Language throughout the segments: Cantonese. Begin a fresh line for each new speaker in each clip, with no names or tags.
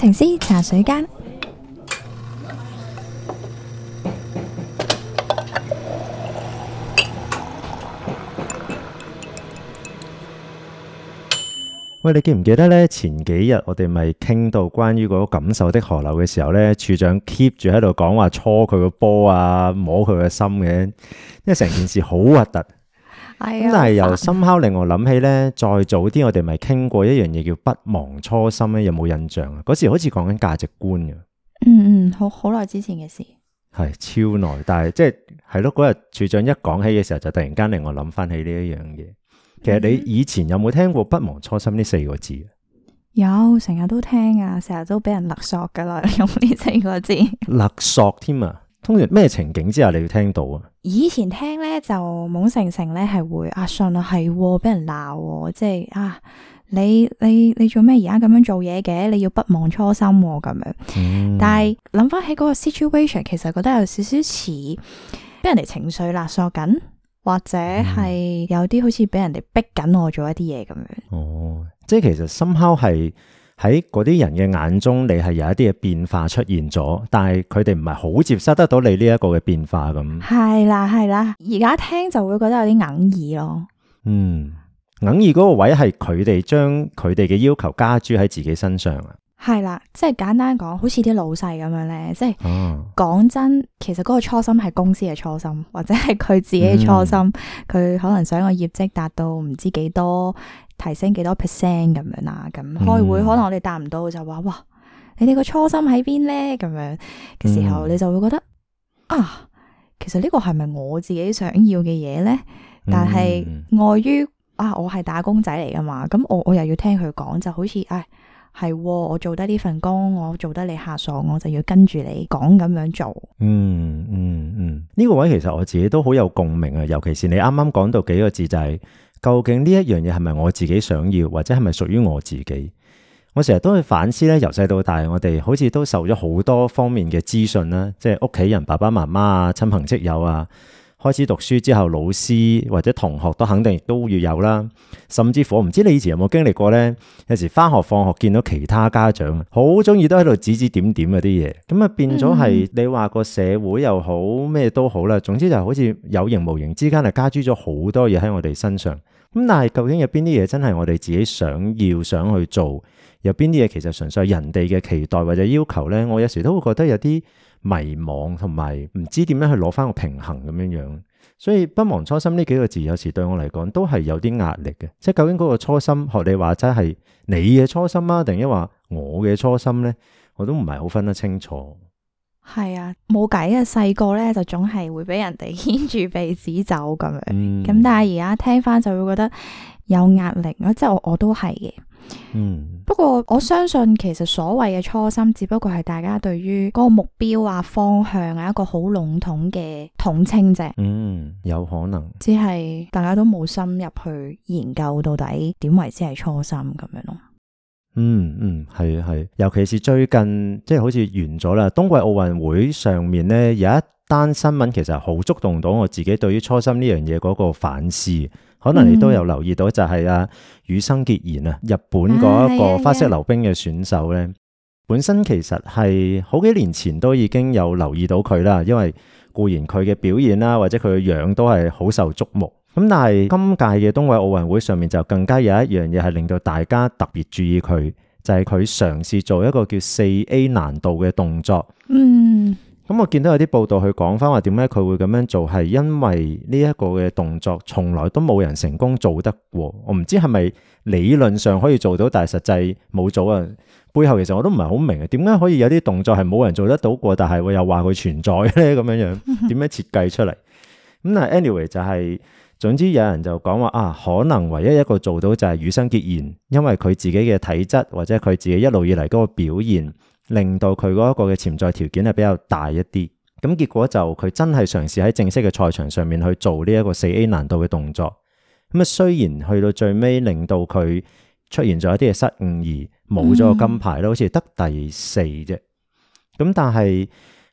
工程師茶水間，
喂，你記唔記得呢？前幾日我哋咪傾到關於嗰感受的河流嘅時候呢，處長 keep 住喺度講話搓佢個波啊，摸佢嘅心嘅，因為成件事好核突。
咁、哎、但係由
深烤令我諗起咧，了再早啲我哋咪傾過一樣嘢叫不忘初心咧，有冇印象啊？嗰時好似講緊價值觀嘅。嗯
嗯，好好耐之前嘅事。
係、哎、超耐，但係即係係咯，嗰日處長一講起嘅時候，就突然間令我諗翻起呢一樣嘢。其實你以前有冇聽過不忘初心呢四個字？嗯、
有，成日都聽啊，成日都俾人勒索噶啦，用呢四個字。
勒索添啊！通常咩情景之下你要聽到
啊？以前聽咧就懵成成咧，係會啊信係俾、哦、人鬧，即係啊你你你做咩而家咁樣做嘢嘅？你要不忘初心咁、啊、樣。嗯、但係諗翻起嗰個 situation，其實覺得有少少似俾人哋情緒勒索緊，或者係有啲好似俾人哋逼緊我做一啲嘢咁樣。嗯、
哦，即係其實 somehow 係。喺嗰啲人嘅眼中，你係有一啲嘅變化出現咗，但係佢哋唔係好接受得到你呢一個嘅變化咁。
係啦，係啦，而家聽就會覺得有啲哽耳咯。嗯，
哽耳嗰個位係佢哋將佢哋嘅要求加諸喺自己身上啊。
係啦，即係簡單講，好似啲老細咁樣咧，即係講真，其實嗰個初心係公司嘅初心，或者係佢自己嘅初心，佢、嗯、可能想個業績達到唔知幾多。提升幾多 percent 咁樣啦，咁開會可能我哋答唔到就話哇，你哋個初心喺邊咧？咁樣嘅時候，你就會覺得、嗯、啊，其實呢個係咪我自己想要嘅嘢咧？但係礙於啊，我係打工仔嚟噶嘛，咁我我又要聽佢講，就好似唉，係、哎、我做得呢份工，我做得你下屬，我就要跟住你講咁樣做。嗯
嗯嗯，呢、嗯嗯這個位其實我自己都好有共鳴啊，尤其是你啱啱講到幾個字就係、是。究竟呢一樣嘢係咪我自己想要，或者係咪屬於我自己？我成日都會反思咧，由細到大，我哋好似都受咗好多方面嘅資訊啦，即係屋企人、爸爸媽媽啊、親朋戚友啊。開始讀書之後，老師或者同學都肯定都要有啦。甚至乎，我唔知你以前有冇經歷過咧？有時翻學、放學見到其他家長，好中意都喺度指指點點嗰啲嘢，咁啊變咗係、嗯、你話個社會又好，咩都好啦。總之就好似有形無形之間，係加諸咗好多嘢喺我哋身上。咁但係究竟有邊啲嘢真係我哋自己想要想去做，有邊啲嘢其實純粹係人哋嘅期待或者要求咧。我有時都會覺得有啲。迷惘，同埋唔知點樣去攞翻個平衡咁樣樣，所以不忘初心呢幾個字有時對我嚟講都係有啲壓力嘅。即係究竟嗰個初心，學你話齋係你嘅初心啊，定抑話我嘅初心咧，我都唔係好分得清楚。
係啊，冇計啊，細個咧就總係會俾人哋牽住鼻子走咁樣，咁、嗯、但係而家聽翻就會覺得有壓力咯，即係我我都係嘅。嗯。不過我相信，其實所謂嘅初心，只不過係大家對於嗰個目標啊、方向啊一個好籠統嘅統稱啫。嗯，
有可能。
只係大家都冇深入去研究到底點為之係初心咁樣咯，嗯。
嗯嗯，係係，尤其是最近即係好似完咗啦，冬季奧運會上面呢，有一單新聞，其實好觸動到我自己對於初心呢樣嘢嗰個反思。可能你都有留意到就、啊，就係啊羽生結弦啊，日本嗰一個花式溜冰嘅選手咧，啊啊啊、本身其實係好幾年前都已經有留意到佢啦，因為固然佢嘅表現啦、啊，或者佢嘅樣都係好受矚目。咁但係今屆嘅冬季奧運會上面就更加有一樣嘢係令到大家特別注意佢，就係佢嘗試做一個叫四 A 難度嘅動作。嗯。咁、嗯、我見到有啲報道去講翻話點解佢會咁樣做，係因為呢一個嘅動作從來都冇人成功做得過。我唔知係咪理論上可以做到，但係實際冇做啊。背後其實我都唔係好明啊。點解可以有啲動作係冇人做得到過，但係會又話佢存在咧咁樣樣？點樣設計出嚟？咁但係 anyway 就係、是。總之有人就講話啊，可能唯一一個做到就係羽生結弦，因為佢自己嘅體質或者佢自己一路以嚟嗰個表現，令到佢嗰一個嘅潛在條件係比較大一啲。咁結果就佢真係嘗試喺正式嘅賽場上面去做呢一個四 A 難度嘅動作。咁啊，雖然去到最尾令到佢出現咗一啲嘅失誤而冇咗個金牌咯，嗯、好似得第四啫。咁但係。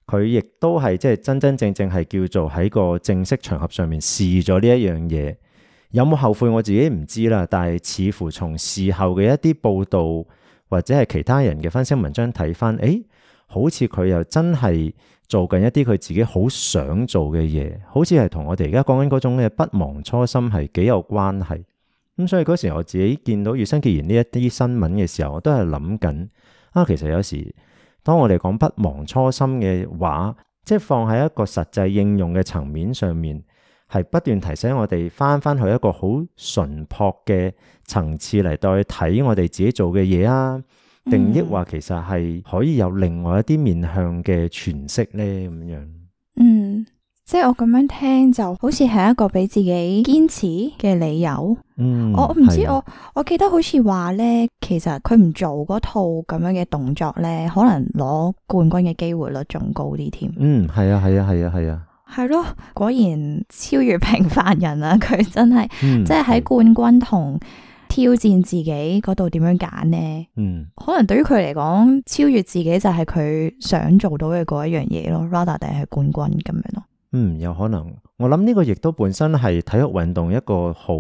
佢亦都係即係真真正正係叫做喺個正式場合上面試咗呢一樣嘢，有冇後悔我自己唔知啦。但係似乎從事後嘅一啲報道或者係其他人嘅分析文章睇返，誒，好似佢又真係做緊一啲佢自己好想做嘅嘢，好似係同我哋而家講緊嗰種嘅不忘初心係幾有關係。咁、嗯、所以嗰時我自己見到羽生結弦呢一啲新聞嘅時候，我都係諗緊啊，其實有時。當我哋講不忘初心嘅話，即係放喺一個實際應用嘅層面上面，係不斷提醒我哋翻翻去一個好純樸嘅層次嚟對睇我哋自己做嘅嘢啊，
定抑話
其實係可以有另外一啲面向嘅詮釋咧，咁樣。
即係我咁樣聽就好似係一個俾自己堅持嘅理由。
嗯，我唔知、嗯、我
我記得好似話咧，其實佢唔做嗰套咁樣嘅動作咧，可能攞冠軍嘅機會率仲高啲添。
嗯，係啊，係啊，係啊，係啊。
係咯，果然超越平凡人啊，佢真係，嗯、即係喺冠軍同挑戰自己嗰度，點樣揀咧？嗯，可能對於佢嚟講，超越自己就係佢想做到嘅嗰一樣嘢咯 rather 定係冠軍咁樣咯。
嗯，有可能。我諗呢個亦都本身係體育運動一個好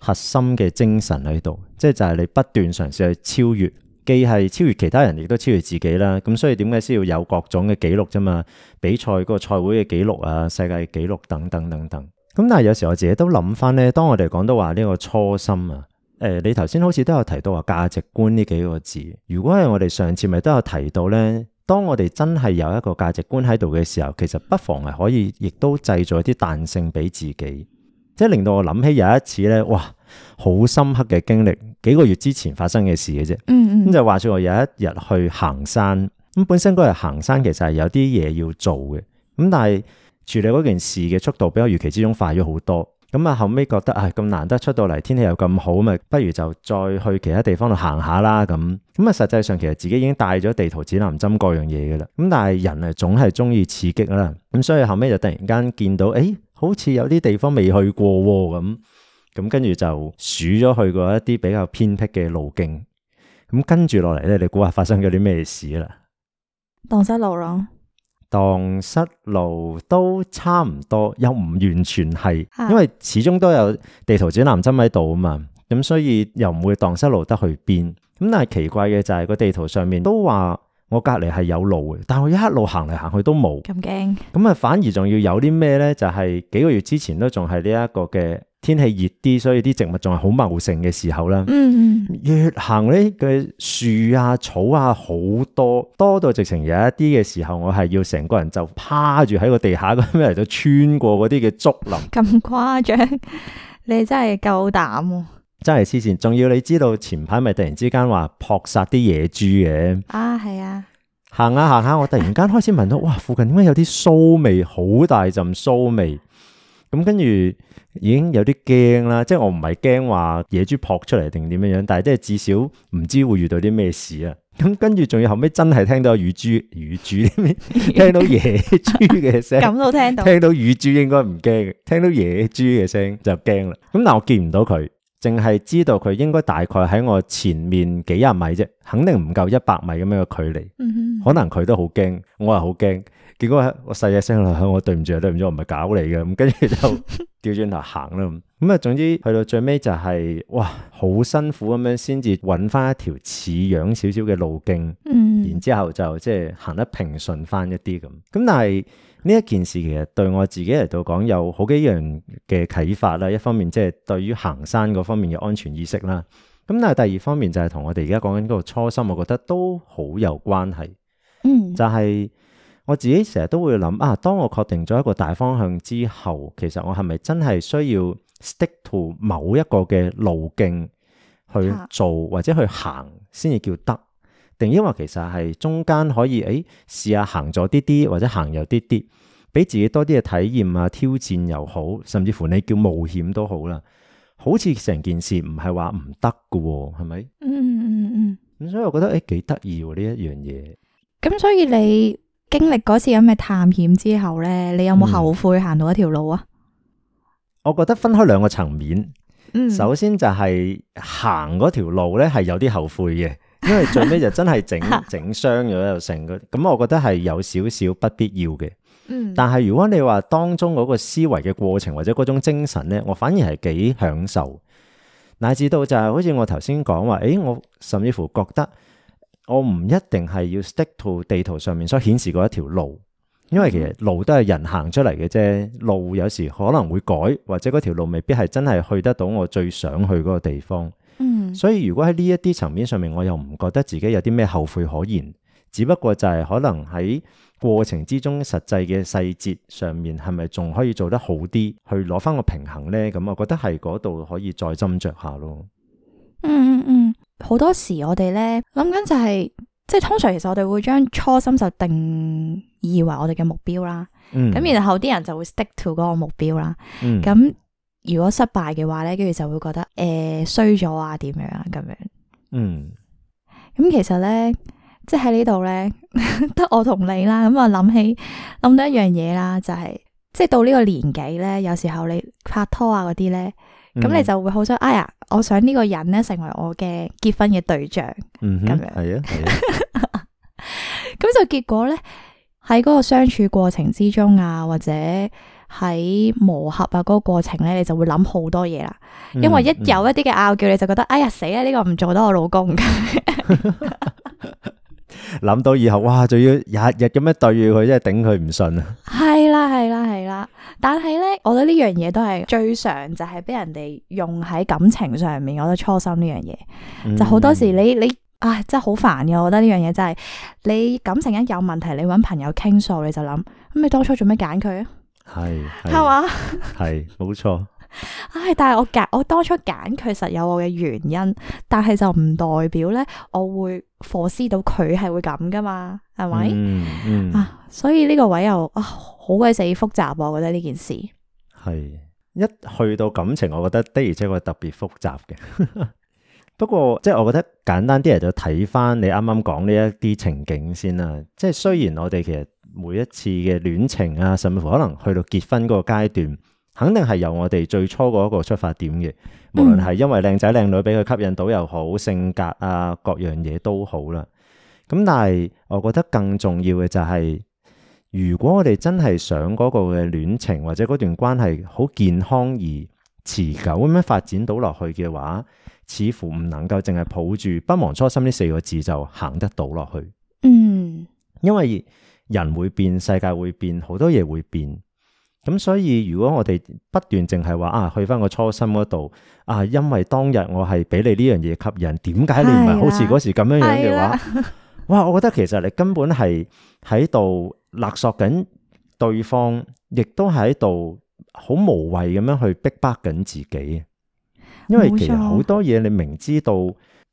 核心嘅精神喺度，即係就係、是、你不斷嘗試去超越，既係超越其他人，亦都超越自己啦。咁所以點解先要有各種嘅紀錄啫嘛？比賽、個賽會嘅紀錄啊，世界紀錄等等等等。咁但係有時我自己都諗翻咧，當我哋講到話呢個初心啊，誒、呃，你頭先好似都有提到話價值觀呢幾個字。如果係我哋上次咪都有提到咧。當我哋真係有一個價值觀喺度嘅時候，其實不妨係可以，亦都製造一啲彈性俾自己，即係令到我諗起有一次咧，哇，好深刻嘅經歷，幾個月之前發生嘅事嘅啫。嗯嗯，咁就話說，我有一日去行山，咁本身嗰日行山其實係有啲嘢要做嘅，咁但係處理嗰件事嘅速度比我預期之中快咗好多。咁啊，後尾覺得啊，咁、哎、難得出到嚟，天氣又咁好，啊，不如就再去其他地方度行下啦。咁咁啊，實際上其實自己已經帶咗地圖、指南針各樣嘢嘅啦。咁但係人啊，總係中意刺激啦。咁所以後尾就突然間見到，誒、哎，好似有啲地方未去過喎、啊。咁咁跟住就數咗去過一啲比較偏僻嘅路徑。咁跟住落嚟咧，你估下發生咗啲咩事啦？
蕩失路啊！
蕩失路都差唔多，又唔完全係，啊、因為始終都有地圖指南針喺度啊嘛，咁所以又唔會蕩失路得去邊。咁但係奇怪嘅就係個地圖上面都話我隔籬係有路嘅，但係我一路行嚟，行去都冇。咁驚？咁啊，反而仲要有啲咩咧？就係、是、幾個月之前都仲係呢一個嘅。天氣熱啲，所以啲植物仲係好茂盛嘅時候啦。嗯，嗯，越行咧嘅樹啊、草啊好多，多到直情有一啲嘅時候，我係要成個人就趴住喺個地下咁嚟到穿過嗰啲嘅竹林。
咁誇張，你真係夠膽啊！
真係黐線，仲要你知道前排咪突然之間話撲殺啲野豬嘅。
啊，係啊。
行下、啊、行下、啊，我突然間開始聞到，啊、哇！附近點解有啲騷味，好大陣騷味。咁跟住已經有啲驚啦，即係我唔係驚話野豬撲出嚟定點樣樣，但係即係至少唔知會遇到啲咩事啊！咁跟住仲要後尾真係聽到乳豬、乳豬，聽到野豬嘅聲，咁都聽到聽到乳豬應該唔驚嘅，聽到野豬嘅聲就驚啦。咁但係，我見唔到佢。淨係知道佢應該大概喺我前面幾十米啫，肯定唔夠一百米咁樣嘅距離，嗯、哼可能佢都好驚，我係好驚，結果我細細聲響響，我對唔住啊，對唔住，我唔係搞你嘅，咁跟住就調轉頭行啦，咁啊，總之去到最尾就係哇，好辛苦咁樣先至搵翻一條似樣少少嘅路徑，mm. 然之後就即係行得平順翻一啲咁，咁但係。呢一件事其實對我自己嚟到講有好幾樣嘅啟發啦，一方面即係對於行山嗰方面嘅安全意識啦，咁但係第二方面就係同我哋而家講緊嗰個初心，我覺得都好有關係。嗯，就係我自己成日都會諗啊，當我確定咗一個大方向之後，其實我係咪真係需要 stick to 某一個嘅路徑去做或者去行先至叫得？定因為其實係中間可以誒試下行左啲啲，或者行右啲啲，俾自己多啲嘅體驗啊挑戰又好，甚至乎你叫冒險都好啦，好似成件事唔係話唔得㗎喎，係咪？嗯嗯嗯。咁所以我覺得誒、哎、幾得意喎呢一樣嘢。
咁所以你經歷嗰次咁嘅探險之後咧，你有冇後悔行到一條路啊、嗯？
我覺得分開兩個層面，嗯、首先就係行嗰條路咧係有啲後悔嘅。因為最尾就真係整整傷咗又成咁，我覺得係有少少不必要嘅。但係如果你話當中嗰個思維嘅過程或者嗰種精神咧，我反而係幾享受，乃至到就係好似我頭先講話，誒、哎，我甚至乎覺得我唔一定係要 stick to 地圖上面所顯示嗰一條路，因為其實路都係人行出嚟嘅啫，路有時可能會改，或者嗰條路未必係真係去得到我最想去嗰個地方。所以如果喺呢一啲層面上面，我又唔覺得自己有啲咩後悔可言，只不過就係可能喺過程之中，實際嘅細節上面係咪仲可以做得好啲，去攞翻個平衡咧？咁我覺得係嗰度可以再斟酌下咯。嗯嗯嗯，
好、嗯嗯、多時我哋咧諗緊就係、係，即係通常其實我哋會將初心就定義為我哋嘅目標啦。嗯，咁然後啲人就會 stick to 嗰個目標啦。咁、嗯。如果失敗嘅話咧，跟住就會覺得誒衰咗啊，點樣咁樣？樣
嗯，
咁其實咧，即係喺呢度咧，得 我同你啦，咁啊諗起諗到一樣嘢啦，就係即係到呢個年紀咧，有時候你拍拖啊嗰啲咧，
咁、嗯、你就
會好想哎呀，我想呢個人咧成為我嘅結婚嘅對象，
咁、嗯、哼樣係啊，
咁 就結果咧喺嗰個相處過程之中啊，或者。喺磨合啊，嗰個過程咧，你就會諗好多嘢啦。
因為一有一
啲嘅拗撬，嗯嗯、你就覺得哎呀死啦，呢、這個唔做得我老公。
諗 到以後，哇，仲要日日咁樣對住佢，真係頂佢唔順
啊。係啦係啦係啦，但係咧，我覺得呢樣嘢都係最常就係俾人哋用喺感情上面。我覺得初心呢樣嘢就好多時你，你你啊，真係好煩嘅。我覺得呢樣嘢真係，你感情一有問題，你搵朋友傾訴，你就諗，咁你當初做咩揀佢啊？
係係嘛，係冇錯。
唉、 哎，但係我揀，我當初揀，佢實有我嘅原因，但係就唔代表咧，我會 foresee 到佢係會咁噶嘛，係咪？嗯
嗯、啊，
所以呢個位又啊，好鬼死複雜。我覺得呢件事
係一去到感情，我覺得的而且確特別複雜嘅。 不過即係我覺得簡單啲嚟就睇翻你啱啱講呢一啲情景先啦。即係雖然我哋其實。每一次嘅戀情啊，甚至乎可能去到結婚嗰個階段，肯定係由我哋最初嗰一個出發點嘅。無論係因為靚仔靚女俾佢吸引到又好，性格啊各樣嘢都好啦。咁但係，我覺得更重要嘅就係，如果我哋真係想嗰個嘅戀情或者嗰段關係好健康而持久咁樣發展到落去嘅話，似乎唔能夠淨係抱住不忘初心呢四個字就行得到落去。嗯，因為。人會變，世界會變，好多嘢會變。咁所以如果我哋不斷淨係話啊，去翻個初心嗰度啊，因為當日我係俾你呢樣嘢吸引，點解你唔係好似嗰時咁樣樣嘅話？ 哇！我覺得其實你根本係喺度勒索緊對方，亦都係喺度好無謂咁樣去逼迫緊自己。
因為其實好
多嘢你明知道。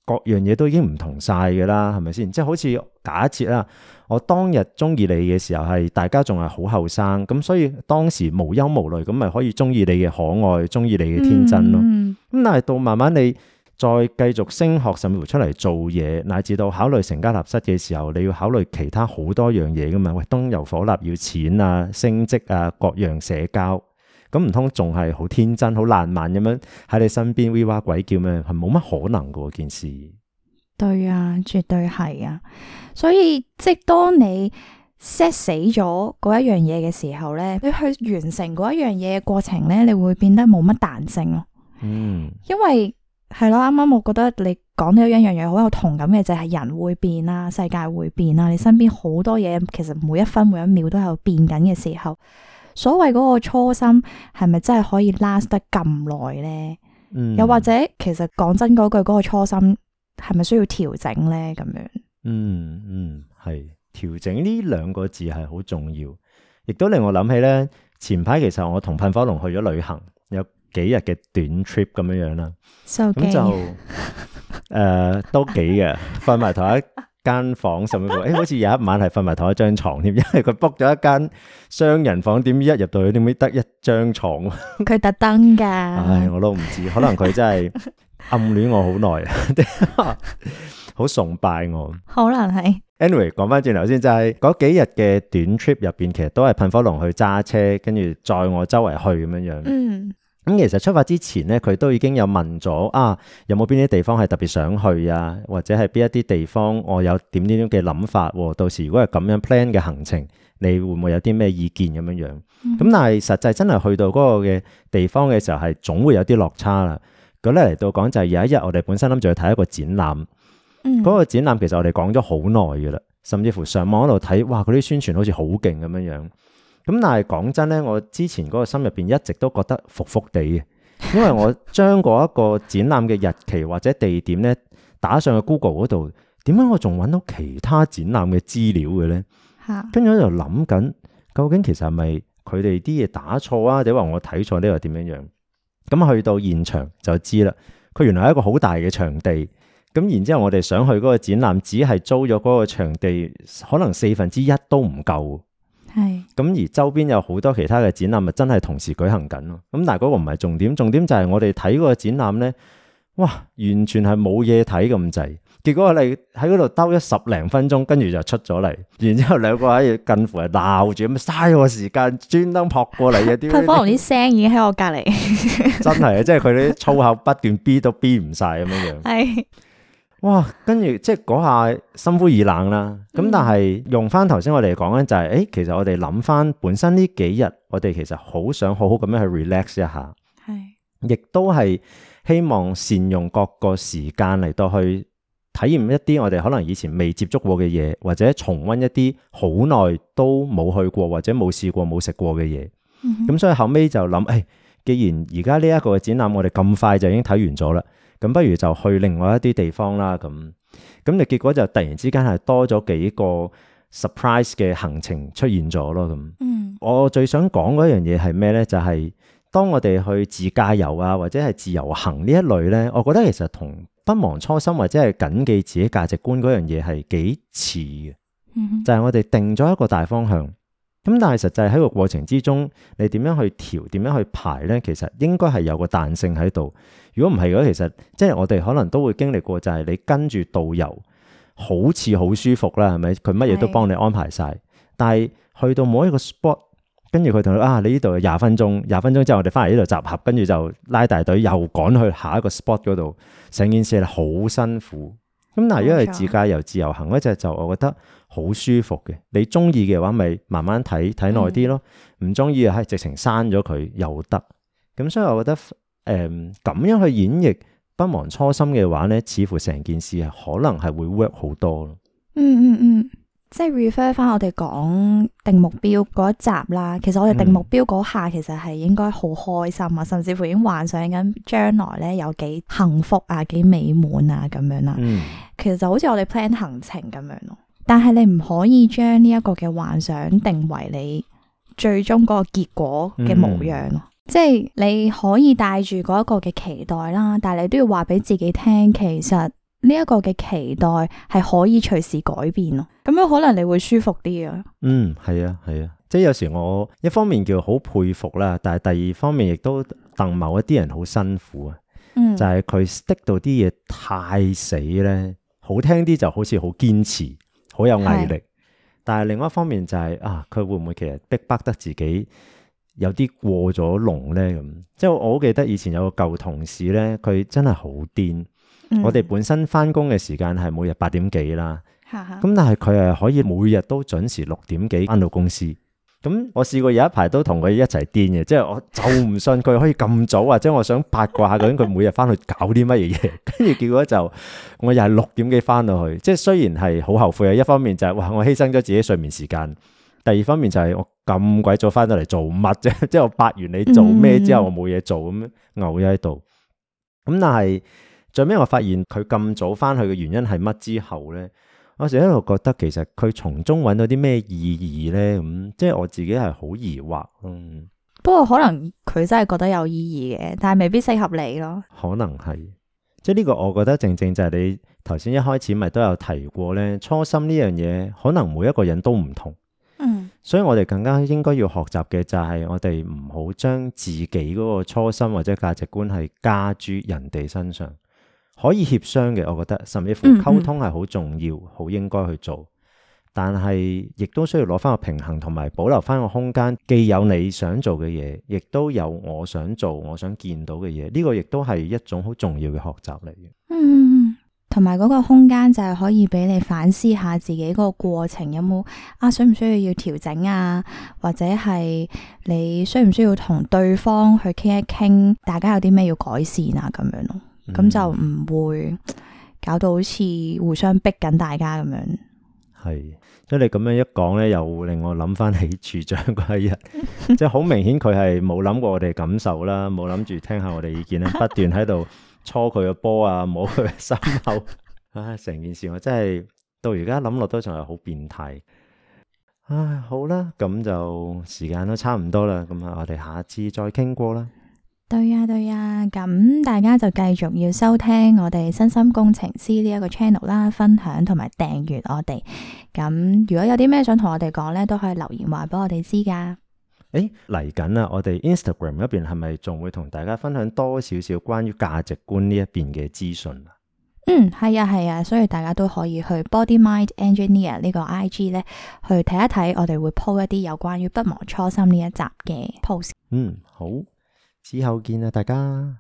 各樣嘢都已經唔同晒㗎啦，係咪先？即係好似假設啦，我當日中意你嘅時候係大家仲係好後生，咁所以當時無憂無慮，咁咪可以中意你嘅可愛，中意你嘅天真咯。咁、嗯、但係到慢慢你再繼續升學，甚至乎出嚟做嘢，乃至到考慮成家立室嘅時候，你要考慮其他好多樣嘢噶嘛？喂，燈油火蠟要錢啊，升職啊，各樣社交。咁唔通仲係好天真、好爛漫咁樣喺你身邊 we 哇鬼叫咩？係冇乜可能嗰件事。
對啊，絕對係啊。所以即係當你 set 死咗嗰一樣嘢嘅時候咧，你去完成嗰一樣嘢嘅過程咧，你會變得冇乜彈性咯。嗯，因為係咯，啱啱我覺得你講到一樣樣嘢好有同感嘅就係人會變啦，世界會變啦，你身邊好多嘢其實每一分每一秒都有變緊嘅時候。所謂嗰個初心係咪真係可以 last 得咁耐咧？嗯、
又或者
其實講真嗰句，嗰、嗰個初心係咪需要調整咧？咁樣
嗯嗯係調整呢兩、嗯嗯、個字係好重要，亦都令我諗起咧前排其實我同噴火龍去咗旅行，有幾日嘅短 trip 咁樣樣啦。咁 So 就誒都、 呃、幾嘅，瞓埋頭。間房十蚊半，誒，好似有一晚係瞓埋同一張床添，因為佢 book 咗一間雙人房，點知一入到去點會得一張床？
佢特登噶。唉，
我都唔知，可能佢真係暗戀我好耐，好崇拜我，可能係。Anyway，講翻轉頭先，就係嗰幾日嘅短 trip 入邊，其實都係噴火龍去揸車，跟住載我周圍去咁樣樣。咁其實出發之前咧，佢都已經有問咗啊，有冇邊啲地方係特別想去啊，或者係邊一啲地方我有點啲啲嘅諗法，啊，到時如果係咁樣 plan 嘅行程，你會唔會有啲咩意見咁樣樣？咁、嗯、但係實際真係去到嗰個嘅地方嘅時候，係總會有啲落差啦。佢咧嚟到講就係有一日我哋本身諗住去睇一個展覽，嗰、嗯、個展覽其實我哋講咗好耐噶啦，甚至乎上網嗰度睇，哇，嗰啲宣傳好似好勁咁樣樣。咁但係講真咧，我之前嗰個心入邊一直都覺得服服地嘅，因為我將嗰一個展覽嘅日期或者地點咧打上去 Google 嗰度，點解我仲搵到其他展覽嘅資料嘅咧？
嚇！跟
住我就諗緊，究竟其實係咪佢哋啲嘢打錯啊？或者話我睇錯呢個點樣樣？咁去到現場就知啦，佢原來係一個好大嘅場地。咁然之後我哋想去嗰個展覽，只係租咗嗰個場地，可能四分之一都唔夠。係咁而周邊有好多其他嘅展覽，咪真係同時舉行緊咯。咁但係嗰個唔係重點，重點就係我哋睇個展覽咧，哇，完全係冇嘢睇咁滯。結果我哋喺嗰度兜咗十零分鐘，跟住就出咗嚟。然之後兩個喺近乎係鬧住咁，嘥個時間，專登撲過嚟嘅。佢可能
啲聲已經喺我隔籬。
真係啊，即係佢啲粗口不斷 B 都 B 唔晒咁樣樣。係。 哇！跟住即係嗰下心灰意冷啦。咁、嗯、但係用翻頭先我哋講咧，就係誒，其實我哋諗翻本身呢幾日，我哋其實好想好好咁樣去 relax 一下，係是，亦都係希望善用各個時間嚟到去體驗一啲我哋可能以前未接觸過嘅嘢，或者重溫一啲好耐都冇去過或者冇試過冇食過嘅嘢。咁、嗯、哼所以後尾就諗誒、哎，既然而家呢一個嘅展覽我哋咁快就已經睇完咗啦。咁不如就去另外一啲地方啦，咁咁你結果就突然之間係多咗幾個 surprise 嘅行程出現咗咯，咁。我最想講嗰樣嘢係咩咧？就係、是、當我哋去自駕遊啊，或者係自由行呢一類咧，我覺得其實同不忘初心或者係謹記自己價值觀嗰樣嘢係幾似嘅，嗯、哼就係我哋定咗一個大方向。咁但係實際喺個過程之中，你點樣去調，點樣去排咧？其實應該係有個彈性喺度。如果唔係嘅話，其實即係我哋可能都會經歷過，就係你跟住導遊，好似好舒服啦，係咪？佢乜嘢都幫你安排晒。的但係去到某一個 spot，跟住佢同你啊，你呢度有廿分鐘，廿分鐘之後我哋翻嚟呢度集合，跟住就拉大隊又趕去下一個 spot 嗰度，成件事係好辛苦。咁但係因為自駕遊、自由行嗰隻，就就我覺得。好舒服嘅，你中意嘅話咪慢慢睇睇耐啲咯，唔中意啊，係直情刪咗佢又得。咁所以，我覺得誒咁、嗯、樣去演繹不忘初心嘅話咧，似乎成件事係可能係會 work 好多咯、嗯。嗯嗯嗯，
即係 refer 翻我哋講定目標嗰一集啦。其實我哋定目標嗰下，其實係應該好開心啊，嗯、甚至乎已經幻想緊將來咧有幾幸福啊、幾美滿啊咁樣啦。嗯，其實就好似我哋 plan 行程咁樣咯。但係你唔可以將呢一個嘅幻想定為你最終嗰個結果嘅模樣咯，嗯、即係你可以帶住嗰一個嘅期待啦，但係你都要話俾自己聽，其實呢一個嘅期待係可以隨時改變咯。咁樣可能你會舒服啲、嗯、啊。
嗯，係啊，係啊，即係有時我一方面叫好佩服啦，但係第二方面亦都戥某一啲人好辛苦啊。嗯，就係佢 stick 到啲嘢太死咧，好聽啲就好似好堅持。好有毅力，是但係另外一方面就係、是、啊，佢會唔會其實逼迫，迫得自己有啲過咗龍咧咁？即係我好記得以前有個舊同事咧，佢真係好癲。我哋本身翻工嘅時間係每日八點幾啦，咁、嗯嗯、但係佢係可以每日都準時六點幾返到公司。咁我試過有一排都同佢一齊癲嘅，即係我就唔信佢可以咁早啊！ 即係我想八卦下究竟佢每日翻去搞啲乜嘢？跟 住結果就我又係六點幾翻到去，即係雖然係好後悔啊！一方面就係、是、哇，我犧牲咗自己睡眠時間；第二方面就係我咁鬼早翻到嚟做乜啫？ 即係我八完你做咩之後，嗯、我冇嘢做咁樣，熬咗喺度。咁但係最尾我發現佢咁早翻去嘅原因係乜之後咧？我成日喺度覺得，其實佢從中揾到啲咩意義呢？咁、嗯、即係我自己係好疑惑咯。嗯、
不過可能佢真係覺得有意義嘅，但係未必適合你咯。
可能係，即係呢個我覺得正正就係你頭先一開始咪都有提過咧，初心呢樣嘢可能每一個人都唔同。嗯，所以我哋更加應該要學習嘅就係我哋唔好將自己嗰個初心或者價值觀係加諸人哋身上。可以協商嘅，我覺得，甚至乎溝通係好重要，好應該去做。嗯、但係，亦都需要攞翻個平衡，同埋保留翻個空間，既有你想做嘅嘢，亦都有我想做、我想見到嘅嘢。呢個亦都係一種好重要嘅學習嚟嘅。嗯，
同埋嗰個空間就係可以俾你反思下自己個過程有冇啊，需唔需要要調整啊？或者係你需唔需要同對方去傾一傾，大家有啲咩要改善啊？咁樣咯。咁、嗯、就唔會搞到好似互相逼緊大家咁樣。
係，即係你咁樣一講咧，又令我諗翻起處長嗰一日， 即係好明顯佢係冇諗過我哋感受啦，冇諗住聽下我哋意見啦，不斷喺度搓佢嘅波啊，摸佢嘅心口。唉，成件事我真係到而家諗落都仲係好變態。唉，好啦，咁就時間都差唔多啦，咁啊，我哋下次再傾過啦。
對啊，對啊，咁大家就繼續要收聽我哋身心工程師呢一、這個 channel 啦，分享同埋訂閱我哋。咁如果有啲咩想同我哋講呢，都可以留言話俾我哋知噶。誒、
欸，嚟緊啊，我哋 Instagram 入邊係咪仲會同大家分享多少少關於價值觀呢一邊嘅資訊？
嗯，係啊，係啊，所以大家都可以去 Body Mind Engineer 呢個 IG 咧，去睇一睇我哋會 po 一啲有關於不忘初心呢一集嘅 post。
嗯，好。之後見啊，大家。